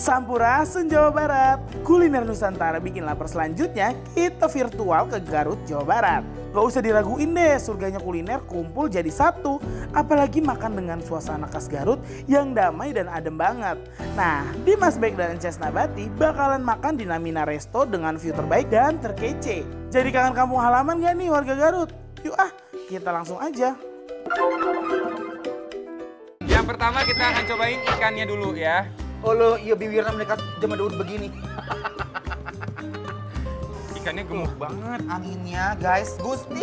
Sampurasun Jawa Barat. Kuliner Nusantara bikin lapar selanjutnya kita virtual ke Garut, Jawa Barat. Gak usah diraguin deh, surganya kuliner kumpul jadi satu. Apalagi makan dengan suasana khas Garut yang damai dan adem banget. Nah, Dimas Baik dan Ces Nabati bakalan makan di Namina Resto dengan view terbaik dan terkece. Jadi kangen kampung halaman gak nih warga Garut? Yuk ah, kita langsung aja. Yang pertama kita akan cobain ikannya dulu ya. Olo, oh, iya biwirna mereka jam daun begini. Ikannya gemuk banget. Anginnya, guys. Gusti!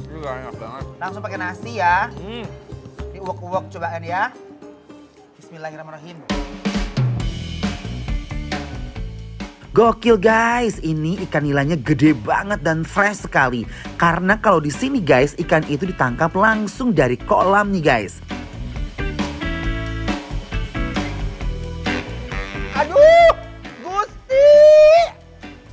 Ini enak banget. Langsung pakai nasi ya. Hmm. Ini uwak-uwak cobaan ya. Bismillahirrahmanirrahim. Gokil guys, ini ikan nilainya gede banget dan fresh sekali. Karena kalau di sini guys, ikan itu ditangkap langsung dari kolam nih guys. Aduh, Gusti.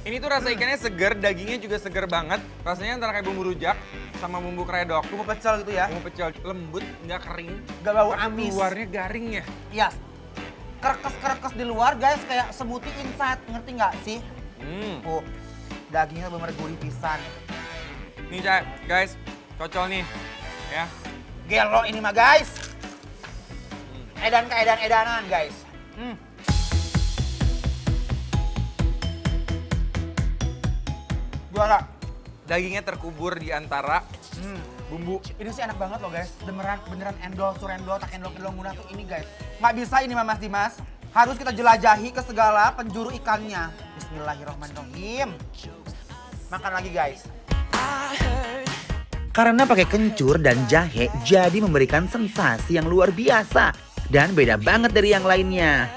Ini tuh rasa ikannya segar, dagingnya juga segar banget. Rasanya antara kayak bumbu rujak sama bumbu kredok. Bumbu pecel gitu ya? Bumbu pecel, lembut, nggak kering. Nggak bau amis. Luarnya garing ya? Iya. Kerekes-kerekes di luar guys, kayak sebuti inside. Ngerti nggak sih? Hmm. Oh, dagingnya bener gurih pisan. Nih guys, cocol nih. Ya. Gelo ini mah guys. Hmm. Edan ke edan-edanan guys. Hmm. Juara. Dagingnya terkubur di antara hmm. bumbu. Ini sih enak banget loh guys. Beneran beneran endol, surendol, tak endol, endol guna tuh ini guys. Nggak bisa ini Mas Dimas. Harus kita jelajahi ke segala penjuru ikannya. Bismillahirrahmanirrahim. Makan lagi guys. Karena pakai kencur dan jahe jadi memberikan sensasi yang luar biasa dan beda banget dari yang lainnya.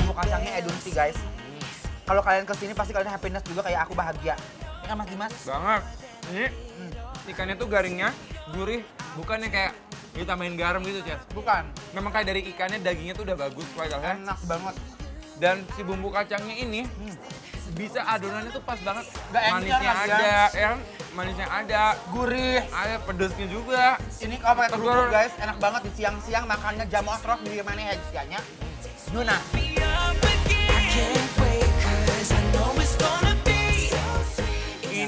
Bumbu kacangnya edun sih guys kalau kalian kesini pasti kalian happiness juga kayak aku bahagia. ini ya kan Mas Dimas? Banget. Ini hmm. ikannya tuh garingnya gurih, bukannya kayak ditambahin garam gitu, Cez. Bukan. Memang kayak dari ikannya dagingnya tuh udah bagus kalian. Enak banget. Dan si bumbu kacangnya ini hmm. bisa adonannya tuh pas banget. Gak manisnya ada, yang kan? manisnya ada, gurih, ada pedesnya juga. Ini kalau pakai kerupuk guys, enak banget di siang-siang makannya jamu osrok di mana ya Yuna. Nuna.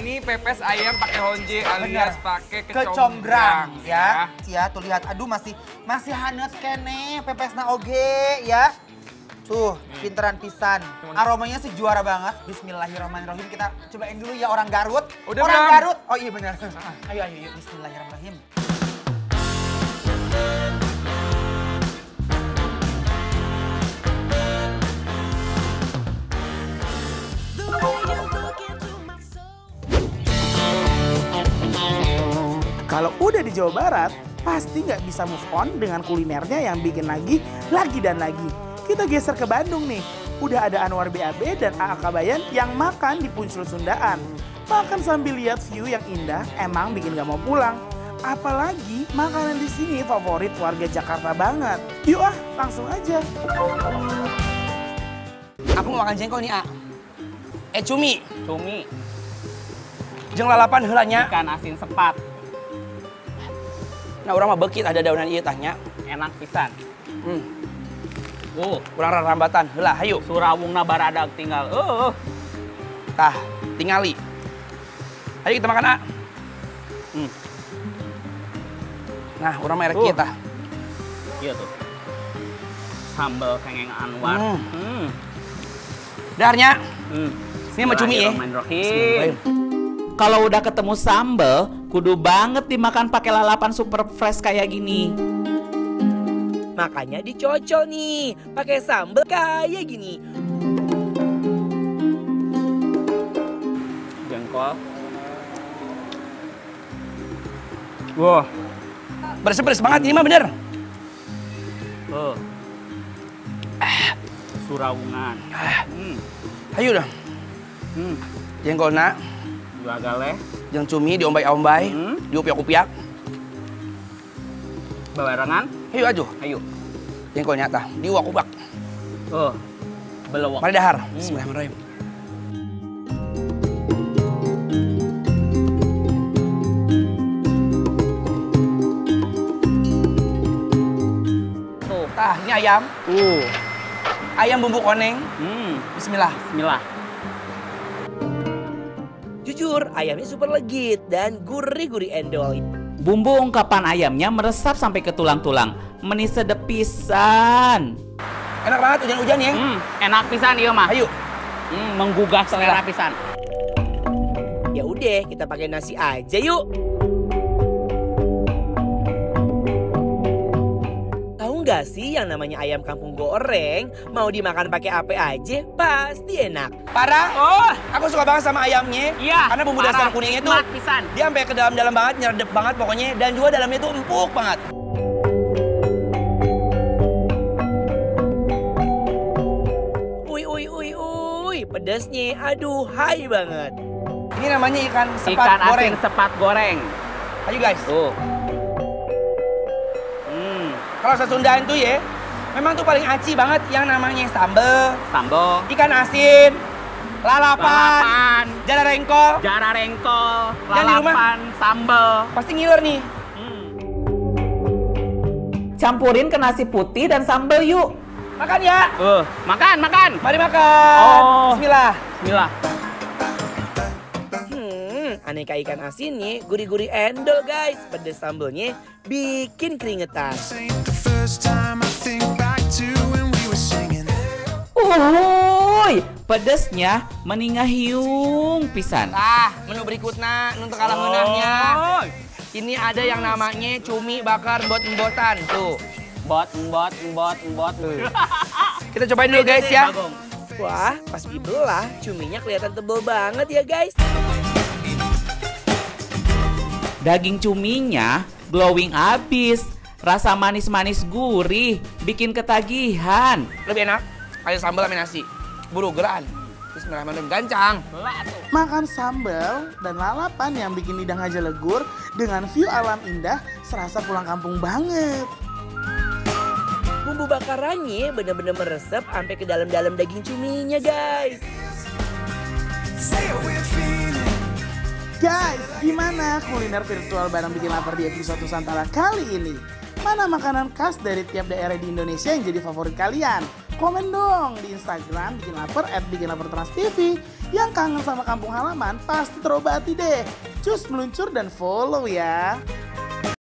ini pepes ayam pakai honje alias pakai kecombrang, ya. ya. Ya, tuh lihat aduh masih masih hanet kene pepesna oge ya. Tuh, pinteran pisan. Aromanya sih juara banget. Bismillahirrahmanirrahim. Kita cobain dulu ya orang Garut. Udah orang bang. Garut. Oh iya benar. Ah. Ayo ayo yuk bismillahirrahmanirrahim. Kalau udah di Jawa Barat, pasti nggak bisa move on dengan kulinernya yang bikin lagi, lagi dan lagi. Kita geser ke Bandung nih. Udah ada Anwar BAB dan AA Kabayan yang makan di Puncul Sundaan. Makan sambil lihat view yang indah emang bikin gak mau pulang. Apalagi makanan di sini favorit warga Jakarta banget. Yuk ah, langsung aja. Aku mau makan jengkol nih, A. Eh, cumi. Cumi. Jeng lalapan helanya. Ikan asin sepat. Nah orang mah bekit ada daunan iya tanya. Enak pisan. Hmm. Uh. rambatan, rambatan, ayo. hayu. nabar ada tinggal. Uh. Tah, tingali. Ayo kita makan, ah. Hmm. Nah, orang merek uh. kita. Iya tuh. Sambal kengeng Anwar. Hmm. hmm. Darnya. Hmm. Ini mah cumi ya. Bismillahirrahmanirrahim. Bismillahirrahmanirrahim. Kalau udah ketemu sambel, kudu banget dimakan pakai lalapan super fresh kayak gini. Makanya dicocol nih, pakai sambel kayak gini. Jengkol. Wah, wow. beres-beres banget ini mah bener. Oh. Eh. Surawungan. Eh. Hmm. Ayo dong. Hmm. Jengkol nak. Gale. yang cumi diombai-ombai, hmm. diupiak-upiak. Bawarangan? Hayu Ayo. Yang kau nyata, diuak-ubak. Oh, belawak. Mari dahar. Hmm. Bismillahirrahmanirrahim. Oh. Tah, ini ayam. Uh. Ayam bumbu koneng. Hmm. Bismillah. Bismillah. Jujur, ayamnya super legit dan gurih-gurih endol. Bumbu ungkapan ayamnya meresap sampai ke tulang-tulang. Menis sedep pisan. Enak banget hujan-hujan ya. Hmm, enak pisan iya mah. Ayo. Hmm, menggugah selera pisan. Ya udah, kita pakai nasi aja yuk. nggak sih yang namanya ayam kampung goreng? Mau dimakan pakai apa aja, pasti enak. Parah? Oh, aku suka banget sama ayamnya. Iya. Karena bumbu parah. dasar kuningnya tuh Matisan. dia sampai ke dalam-dalam banget, nyerdep banget pokoknya dan juga dalamnya tuh empuk banget. ui ui ui ui pedasnya aduh hai banget. Ini namanya ikan sepat ikan goreng. Ikan sepat goreng. Ayo guys. Tuh kalau sesundaan tuh ya memang tuh paling aci banget yang namanya sambel, sambel, ikan asin, lalapan, lalapan jara rengkol, jara rengkol, lalapan, di rumah, sambel. Pasti ngiler nih. Hmm. Campurin ke nasi putih dan sambel yuk. Makan ya. Uh, makan, makan. Mari makan. Oh. Bismillah. Bismillah aneka ikan asinnya gurih-gurih endol guys. Pedes sambelnya bikin keringetan. Uhuy, pedesnya meningah hiung pisan. Ah, menu berikutnya untuk kalah menangnya. Ini ada yang namanya cumi bakar bot embotan tuh. Bot, bot, bot, bot. Kita cobain dulu guys ya. Wah, pas dibelah cuminya kelihatan tebel banget ya guys. Daging cuminya glowing abis. Rasa manis-manis gurih, bikin ketagihan. Lebih enak, ada sambal sama nasi. Buru geran. Bismillahirrahmanirrahim, gancang. Makan sambal dan lalapan yang bikin lidah aja legur dengan view alam indah serasa pulang kampung banget. Bumbu bakarannya bener-bener meresep sampai ke dalam-dalam daging cuminya, guys. Say with Guys, gimana kuliner virtual barang bikin lapar di episode Nusantara kali ini? Mana makanan khas dari tiap daerah di Indonesia yang jadi favorit kalian? Komen dong di Instagram bikin lapar at bikin lapar trans TV. Yang kangen sama kampung halaman pasti terobati deh. Cus meluncur dan follow ya.